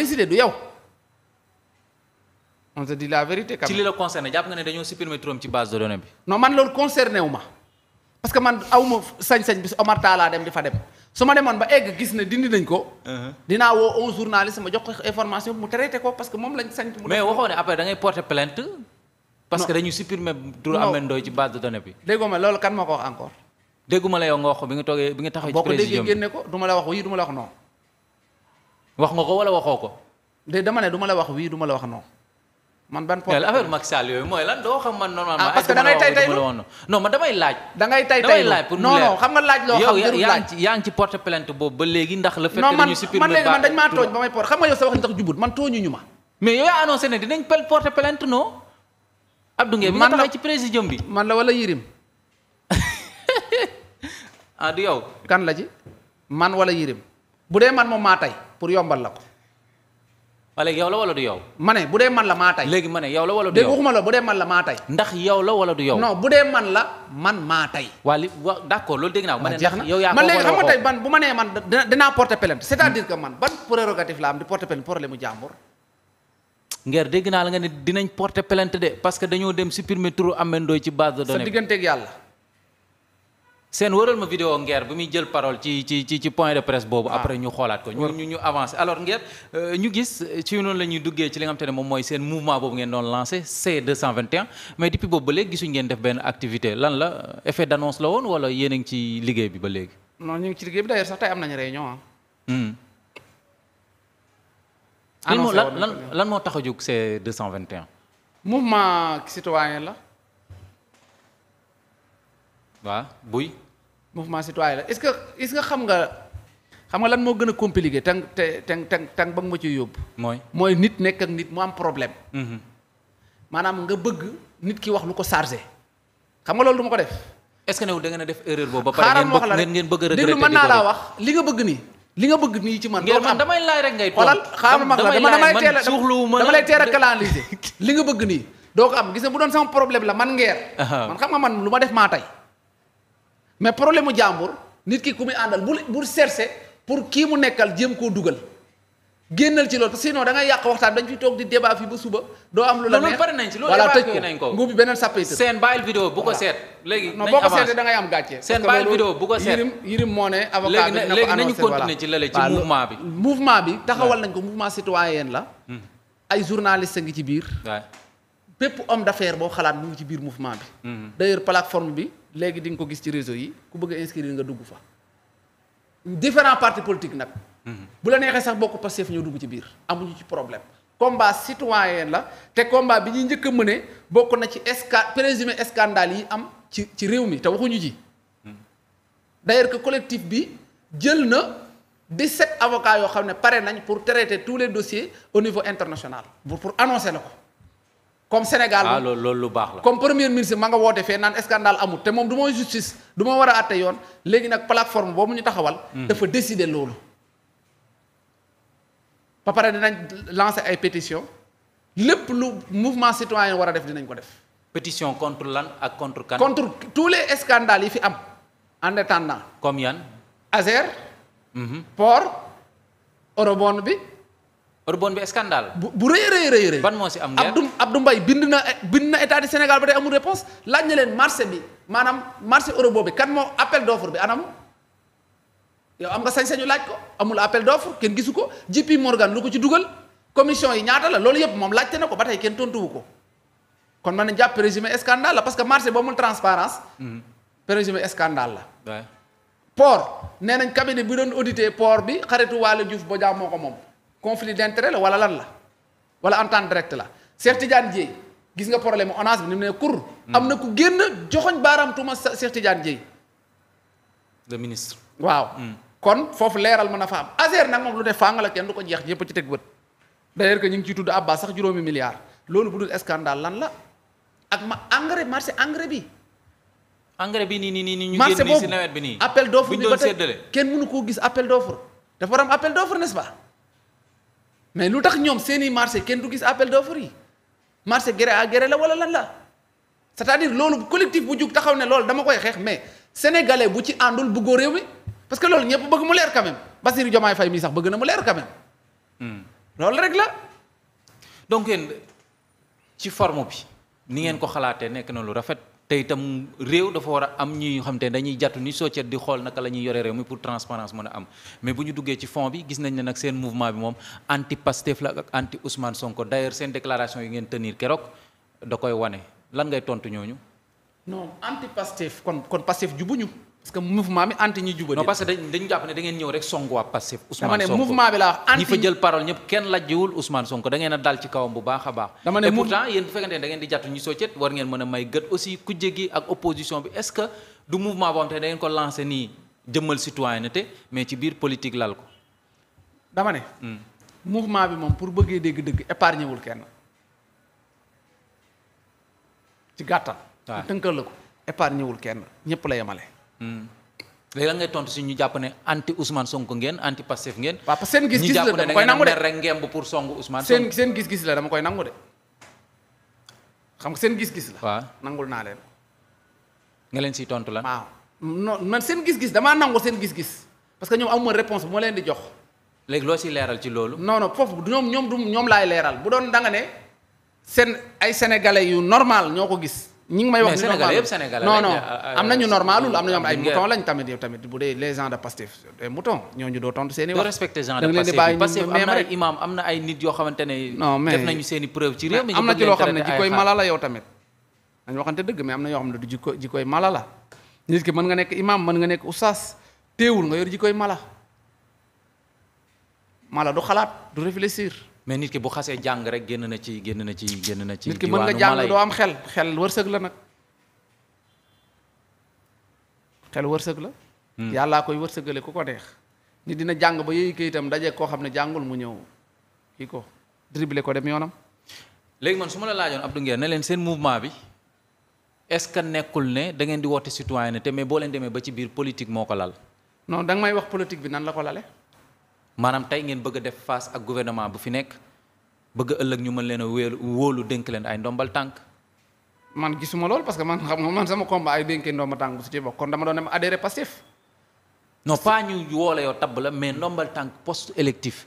décidé du yow. ci li la concerné jàpp nga ne dañoo supprimer turam bi. non man loolu concerné wu ma parce que man aw ma sañ-sañ bi su Omar Talla dem di fa dem su ma demoon ba egg gis ne dindi nañ ko. Uh-huh. dinaa woo un journaliste ma jox ko information mu traité ko parce que moom lañ sañ. mais waxoo ne après da ngay plainte. parce que dañu supprimer tur Ameth Ndoye ci base de données bi. déggoo ma loolu kan ma ko wax encore. dégguma la yow nga wax nga ko wala waxoo ko. de dama ne du ma la wax wii duma la wax non. man ban porte affaire Macky Sall yooyu mooy lan xam man normalement. Ah, parce que da ngay tay tay non man damay laaj. da ngay tay tay damay laaj pour non non xam nga laaj loo xam jarul laaj yow yaa ngi ci porte plainte boobu ba léegi ndax. le fait que dañu supprimer non man wax ni man tooñu ma. mais yow yaa annoncé bi ci présidium bi. man la wala Yirim. ah du yow. kan la ci man wala Yirim bu dee man moom maa tey pour yombal la ko. waa léegi yow la wala du yow. ma ne bu dee man la maa tey. ma ne yow la wala du yow waxuma la bu dee man la maa tey. ndax yow la wala du yow. non bu dee man la man maa tey. waa li wa d' accord loolu dégg naa. ma ne yow yaa ko man léegi xam nga tey man bu ma nee man dina dinaa porter plainte c' est à dire hmm. que man ban prérogative la am di porter plainte problème mu jàmbur. Nguer dégg naa la nga ne dinañ porter plainte de parce que dañoo dem supprimer turu Ameth Ndoye ci base de données bi. sa digganteeg yàlla. seen wëral ma vidéo Nguer bi muy jël parole ci ci ci ci point de presse boobu. Ah. après ñu xoolaat ko ñu ñu ñu avancé. alors Nguer euh, ñu gis euh, ci noonu la ñuy duggee ci li nga xamante ne moom mooy seen mouvement boobu ngeen doon lancé C221 mais depuis boobu ba léegi gisuñ ngeen def benn activité lan la effet d' annonce la woon wala yéen a ngi ci liggéey bi ba léegi. non ñu ngi ci hmm. lan moo tax a jóg C221. mouvement citoyen la. waaw buy. mouvement citoyen la est-ce que est-ce xam nga. xam nga lan moo gën a compliqué tan te tang tang tang ba nga ma ci yóbbu. mooy mooy nit nekk ak nit mu am problème. Mm-hmm. maanaam nga bëgg nit ki wax lu ko chargé. xam nga loolu du ma ko def. est-ce que ne da ngeen a def erreur boobu. ba pare ngeen bëgg a laa nga bëgg nii. li nga bëgg nii ci man. doo man damay laaj rek ngay toog xoolal xaaral ma la dama damay teel a dama lay li nga bëgg nii doo ko am gis nga bu doon sama problème la man ngeer man xam nga man lu ma def maa tey. mais problème mu jàmbur nit ki ku muy àndal bul bul chercher pour kii mu nekkal jéem koo dugal génnal ci loolu parce que sinon da ngay yàq waxtaan dañ fi toog di débat fii ba suba doo am lu la neex pare nañ ci loolu voilà tëj nañ ko nguub bi beneen sàppay tëj seen bàyyil vidéo bu ko seet léegi non bi taxawal nañ ko mouvement citoyen la hmm. ay journaliste ngi ci biir bépp homme d'affaires boo xalaat mu ngi ci biir mouvement bi hmm. d'ailleurs plateforme bi léegi di nga ko gis ci réseau yi ku bëgg a nga dugg fa différent partis politiques nag mhm. bu la neexee sax bokk fu ñoo dugg ci biir amuñu ci problème combat citoyen la te combat bi ñuy njëkk a mëne bokk na ci sca présumé scandale yi am ci ci réew mi te waxuñu ji mhm. d'ailleurs que collectif bi jël na 17 avocats yoo xam ne pare nañ pour traiter tous les dossiers au niveau international pour pour annoncer la ko comme Sénégal ah loolu lu baax la comme premier ministre ma nga woote fee naan scandale amul te moom du ma justice du war a àtte yoon léegi nag plateforme boobu ñu taxawal. Mhm. dafa décider loolu. ba pare dinañ lancé ay pétition lépp lu mouvement citoyen war a def dinañ ko def. pétition contre lan ak contre kan. contre tous les scandales yi fi am en attendant. comme yan. Azer. Mhm. Port. Eurobond bi. rebond bi scandale. bu bu rëy rëy rëy. ban moo si am leer Abdou Abdou Mbaye bind na bind na état du Sénégal ba tey amul réponse laaj na leen marché bi maanaam marché euro boobu kan moo appel d'offre bi anam yow am nga sañ-sañu laaj ko amul appel d'offre kenn gisu ko JP Morgan lu ko ci dugal commission yi ñaata la loolu yëpp moom laajte na ko ba tey kenn tontuwu ko kon mën na jàpp présumé scandale la parce que marché boo amul transparence mhm. présumé scandale la port nee nañ cabinet bi doon audité port bi xaritu Waly Diouf ko moom conflit d'intérêt la wala lan la wala entente directe la Cheikh Tidiane Dièye gis nga problème ONAS bi ni mu ne kur. Hmm. am na ku génn joxoñ baaraam tuuma Cheikh Tidiane Dièye. le ministre. waaw hmm. kon foofu leeral mën a fa am ASER nag moom lu ne fàng la kenn du ko jeex ñëpp ci teg bët. d'ailleurs que ñu ngi ciy tudd Abba sax juróomi milliards loolu bu dul scandale lan la ak ma engrais marché engrais bi. engrais bi nii nii nii ñu génn nii si nawet bi nii. marché boobu appel d'offre bi ba tey kenn mënu koo gis appel d'offre dafa war am appel mais lu tax ñoom seeni marché kenn du gis appel d'offre yi marché gré à gré la wala lan la c'est-à-dire loolu collectif bu jug taxaw ne loolu dama koy xeex mais sénégalais bu ci àndul bëggoo réew mi parce que loolu ñëpp bëgg mu leer quand même Bassirou Diomaye Faye mii sax bëgg na mu leer quand même. Hmm. rek la. donc ngeen ci forme bi. ni ngeen ko xalaatee nekk na lu rafet. te itam réew dafa war a am ñuy xam te dañuy jàttu ni soccet di xool naka la yore réew mi pour transparence mën a am mais bu ñu duggee ci fond bi gis nañ ne nag seen mouvement bi moom anti Pastef la ak anti Sonko d'ailleurs seen déclaration yi ngeen tenir keroog da koy wane lan ngay tontu ñooñu. non anti kon kon Pastef jubuñu. parce que mouvement bi anti ñi jubali. non parce que dañ dañu jàpp ne da ngeen ñëw rek songu waa Pastef. Ousmane mouvement bi a a baax. dama ne a may gët aussi ku ak opposition bi que du mouvement boo xam te da ngeen ko lancé nii mais ci biir politique lal ko. dama ne. Hmm. bi moom pour bëggee dégg-dëgg épargné wul kenn ci gàttal. waaw tënkal la ko épargné wul kenn ñëpp la yemale Hmm. léegi lan ngay tontu si ñu jàpp ne anti Ousmane Sonko ngeen anti Pastef ngeen. waaw parce seen gis-gis la dama koy nangu de ñu jàpp ne rek ngeen pour songu Ousmane. seen seen gis koy nangu de xam nga seen gis-gis la. waaw nangul naa leen. nga leen siy tontu lan. waaw no man seen gis-gis damaa nangu seen gis-gis parce que ñoom amuma réponse bu ma leen di jox. léegi loo si leeral ci loolu. non non foofu ñoom ñoom du ñoom laay leeral bu doon danga ne seen ay sénégalais yu normal ñoo ko gis ñi ngi may wax ne normal non non ah, ah, am na ah, normalul am nañu am ay mouton lañ tamit yow tamit bu dee les gens de Pastef des moutons ñooñu doo tontu seen i wax. respecter gens am na ay nit yoo xamante ne. non mais seen i preuve am na ci loo xam ne jikkoy mala la yow tamit. dañu waxante dëgg mais am na yoo xam ne du jikko jikkoy mala la nit ki mën nga nekk imam mën nga nekk oustaz teewul nga yor jikkoy mala mala du xalaat du réfléchir. mais nit ki bu xasee jàng rek génn na ci génn na ci génn na ci. nit ki mën nga jàng doo am xel xel wërsëg la nag xel wërsëg la. Hmm. yàllaa koy wërsëgale ku ko neex. nit dina jàng ba yooyu kayitam daje koo xam ne jàngul mu ñëw kii ko dribble ko dem yoonam. léegi man su ma la laajoon Abdou ne leen seen mouvement bi est-ce que nekkul ne da ngeen di woote citoyenneté mais boo leen demee ba ci biir politique moo ko lal. non da nga may wax politique bi nan la ko lale. maanaam tey ngeen bëgg a def face ak gouvernement bu fi nekk bëgg ëllëg ñu mën leen a wéelu wóolu dénk leen ay ndombal tànk. man gisuma lool parce que man xam nga man sama combat ay dénkee ndombal tànk bu si ci bokk kon dama doon dem adhéré passif. non pas ñu woole yoo tabb la mais ndombal tànk post électif.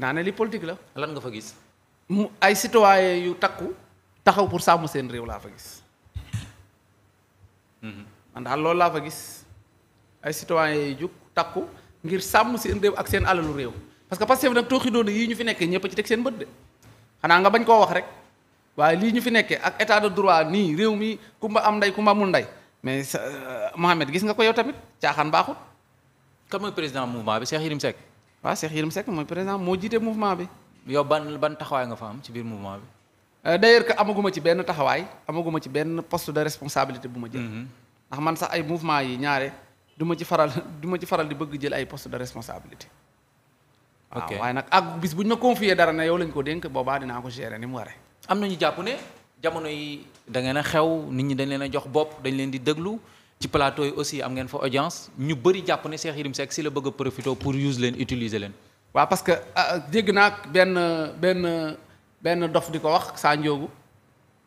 naa ne li politique la. lan nga fa gis. mu ay citoyen yu takku taxaw pour sàmm seen réew laa fa gis. Mhm. man loolu laa fa gis ay citoyen yu jug takku ngir sàmm seen réew ak seen alalu réew parce que Pastef nag tooxi doon yii ñu fi nekkee ñëpp ci teg seen bët de xanaa nga bañ koo wax rek waaye lii ñu fi nekkee ak état de droit nii réew mi kumba am ndey kumba amul ndey mais euh, Mohamed gis nga ko yow tamit caaxaan baaxut. kan mooy président mouvement bi Cheikh Yérim Seck. waaw Cheikh Yérim Seck mooy président moo jiite mouvement bi. yow ban ban taxawaay nga fa am ci biir mouvement bi. Euh, d'ailleurs que amaguma ci benn taxawaay amaguma ci benn post de responsabilité bu ma jël. Mhm. ndax man sax ay mouvement yi ñaare du ma ci faral du ma ci faral di bëgg jël ay poste de responsabilité. ok waaw waaye nag ak bis bu ñu ma confier dara ne yow lañ ko dénk boobaa dinaa ko gérer ni mu waree. am na ñu jàpp ne jamono yi da ngeen a xew nit ñi dañ leen a jox bopp dañ leen di déglu. ci plateau yi aussi am ngeen fa audience ñu bëri jàpp ne Cheikh Yérim Seck si la bëgg a profité pour use leen utiliser leen. waaw parce que ah, ah, dégg naa benn benn benn dof di ko wax Sa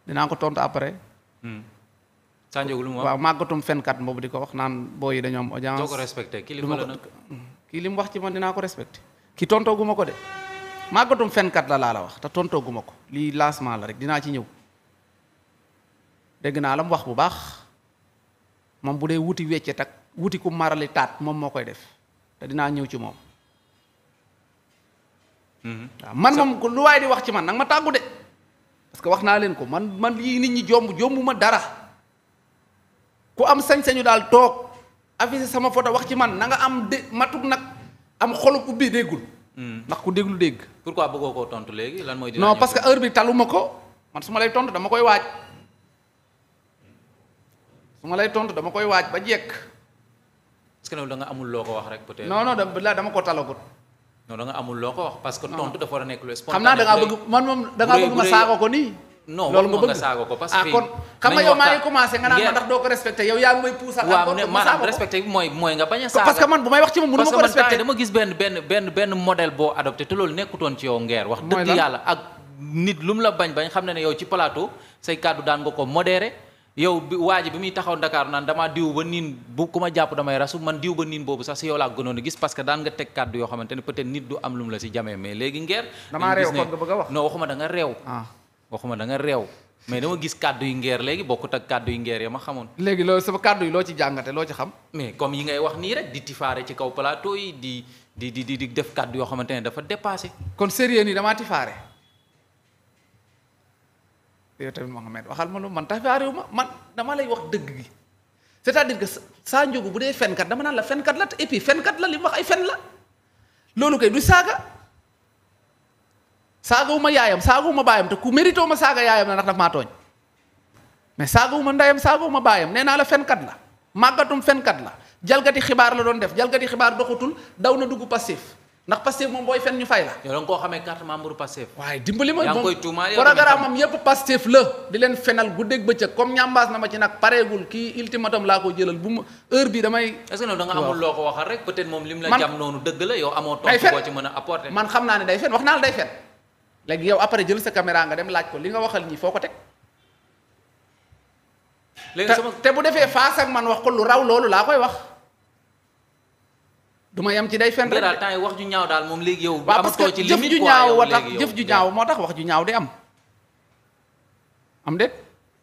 dinaa ko tontu après. Hmm. Sa lu mu wax waaw màggatum fenkat di ko wax naan booy yi dañoo ko respecté kii li mu kii li mu wax ci man dinaa ko respecté. ki tontoogu ko de màggatum fenkat la laa la wax te tontoogu ko lii lancement la rek dinaa ci ñëw dégg naa la mu wax bu baax. moom bu dee wuti wecce tak wuti ku marali taat moom moo koy def te dinaa ñëw ci moom. Mhm. waaw man moom lu waaye di wax ci man nag ma tàggu de parce que wax naa leen ko man man lii nit ñi jomb jombuma dara ku am sañ-sañu daal toog affiché sama photo wax ci man na nga am dé matut nag am xolub ubbi déggul. Mhm. ndax ku déglu dégg. pourquoi bëggoo koo tontu léegi lan mooy. parce que heure bi taluma ko man su ma lay tontu dama koy waaj. su ma lay tontu dama koy waaj ba jekk. est-ce que loolu da amul loo ko wax rek peut-être. non non dama ko talagut. non da amul loo ko wax. parce que tontu dafa war a nekk lu spontané. xam naa da ngaa bëgg man ko nii. non loolu nga saago ko parce ah, que ah kon xam nga yow ma doo ko respecté yow yaa ngi mooy mooy nga bañ a saaga parce que man may wax ci moom mënu ma ko respecté benn benn benn benn modèle boo adopté te yow ngeer wax dëgg yàlla ak lu mu la bañ bañ xam ne ne yow ci plateau say kàddu daan nga ko modéré yow bi waa ji bi muy taxaw Dakar naan damaa diw ba niin bu ku ma jàpp damay rasu man diw ba niin boobu sax si yow laa gënoon a gis parce que daan nga teg kàddu yoo xamante ne peut-être nit du am lu mu la si jamee mais léegi ngeer damaa réew kon a wax non ah. waxuma da nga réew mais dama gis kàddu yu ngeer léegi bokkut ak kàddu yi ngeer ya ma xamoon léegi loolu sama kàddu yi loo ci jàngate loo ci xam mais comme yi ngay wax nii rek di tifaare ci kaw palaato yi di di di di def kàddu yoo xamante ne dafa dépassé kon sérieux ni damaa tifaare yow tamit Mohamed waxal ma lu man tax faariwu ma man dama lay wax dëgg gi cest à saa njógu bu dee fenkat dama naan la fenkat la te et puis fenkat la li mu wax ay fen la loolu kay du saaga saagawuma yaayam saagawuma baayam te ku mérito ma saaga yaayam la ndax daf maa tooñ mais saagawuma ndeyam saagawuma baayam nee naa la fenkat la màggatum fenkat la jalgati xibaar la doon def jalgati xibaar doxatul daw na dugg passif ndax Pastef moom booy fen ñu fay la. yow da nga koo xamee carte membre Pastef. na ma ci nag pareegul kii ultimatum laa ko jëlal bi damay. loo ko waxal rek peut-être moom lim la jam noonu dëgg la yow amoo tontu boo ci mën a apporter. man xam naa ne day fen wax léegi yow après jël sa caméra nga dem laaj ko li nga waxal ñi foo ko teg. te bu defee face ak man wax ko lu raw loolu laa koy wax du ma yem ci day fen rek daal temps wax ju ñaaw daal moom léegi yow. amatoo ci limite quoi yow waaw parce que jëf ju ñaaw moo tax ju ñaaw day am am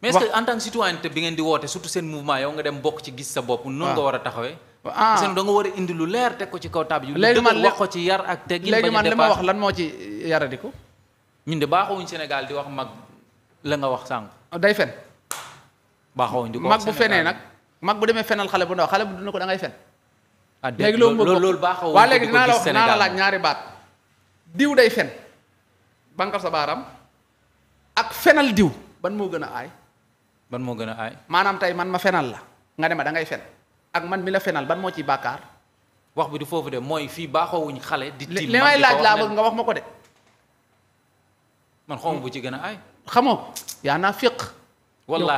mais est-ce que en bi ngeen di woote surtout seen mouvement yow nga dem bokk ci gis bopp. waaw ah. war a taxawee. ah seen da nga war a indi lu leer teg ko ci kaw taab yi. léegi man wax ko ci yar ak teggin. bañ a dépassé léegi wax lan moo ci yaradiku. ñun de baaxoowuñ Sénégal di wax mag la nga wax sànq. day fen. baaxoowuñ di ko wax mag bu fenee nag mag bu demee fenal xale bu ndaw xale bu dund ko da ngay fen ah léegi loolu loolu baaxoo waa léegi dinaa la laaj ñaari baat diw day fen bankal sa baaraam ak fenal diw ban moo gën a aay. ban moo gën a aay. maanaam tey man ma fenal la nga ne ma da fen ak man mi la fenal ban moo ciy bàkkaar. wax bi du foofu de mooy fii baaxoo wuñ xale. di tiim li may laaj laa bëgg nga wax ma ko de. man xaw bu ci gën a aay. xamoo yaa naa féq. wallaahi.